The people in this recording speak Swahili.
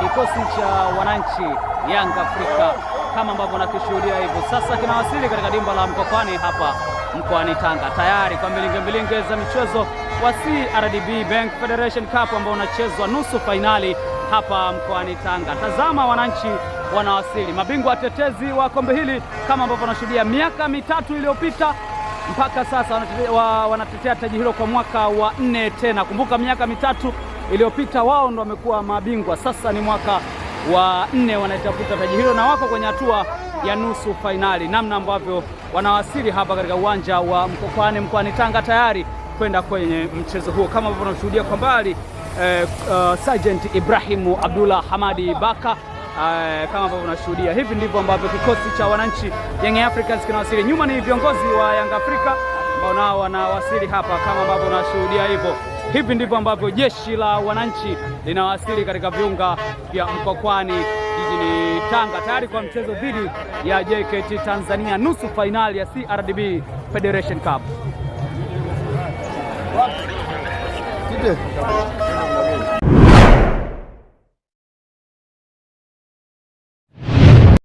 kikosi cha wananchi Yanga Afrika kama ambavyo nakishuhudia hivyo sasa kinawasili katika dimba la Mkopani hapa mkoani Tanga, tayari kwa mbilinge za michezo wa CRDB Bank Federation Cup ambao unachezwa nusu fainali hapa mkoani Tanga. Tazama, wananchi wanawasili, mabingwa watetezi wa kombe hili kama ambavyo wanashuhudia miaka mitatu iliyopita mpaka sasa wanatetea taji hilo kwa mwaka wa nne tena. Kumbuka miaka mitatu iliyopita wao ndo wamekuwa mabingwa. Sasa ni mwaka wa nne wanaitafuta taji hilo na wako kwenye hatua ya nusu fainali. Namna ambavyo wanawasili hapa katika uwanja wa Mkokwani mkoani Tanga tayari kwenda kwenye mchezo huo, kama ambavyo tunashuhudia kwa mbali eh, uh, Sergeant Ibrahimu Abdullah Hamadi Baka Uh, kama ambavyo unashuhudia hivi ndivyo ambavyo kikosi cha wananchi Young Africans kinawasili. Nyuma ni viongozi wa Young Africa ambao nao wanawasili hapa kama ambavyo unashuhudia hivyo. Hivi ndivyo ambavyo jeshi la wananchi linawasili katika viunga vya mkokwani jijini Tanga tayari kwa mchezo dhidi ya JKT Tanzania nusu fainali ya CRDB Federation Cup.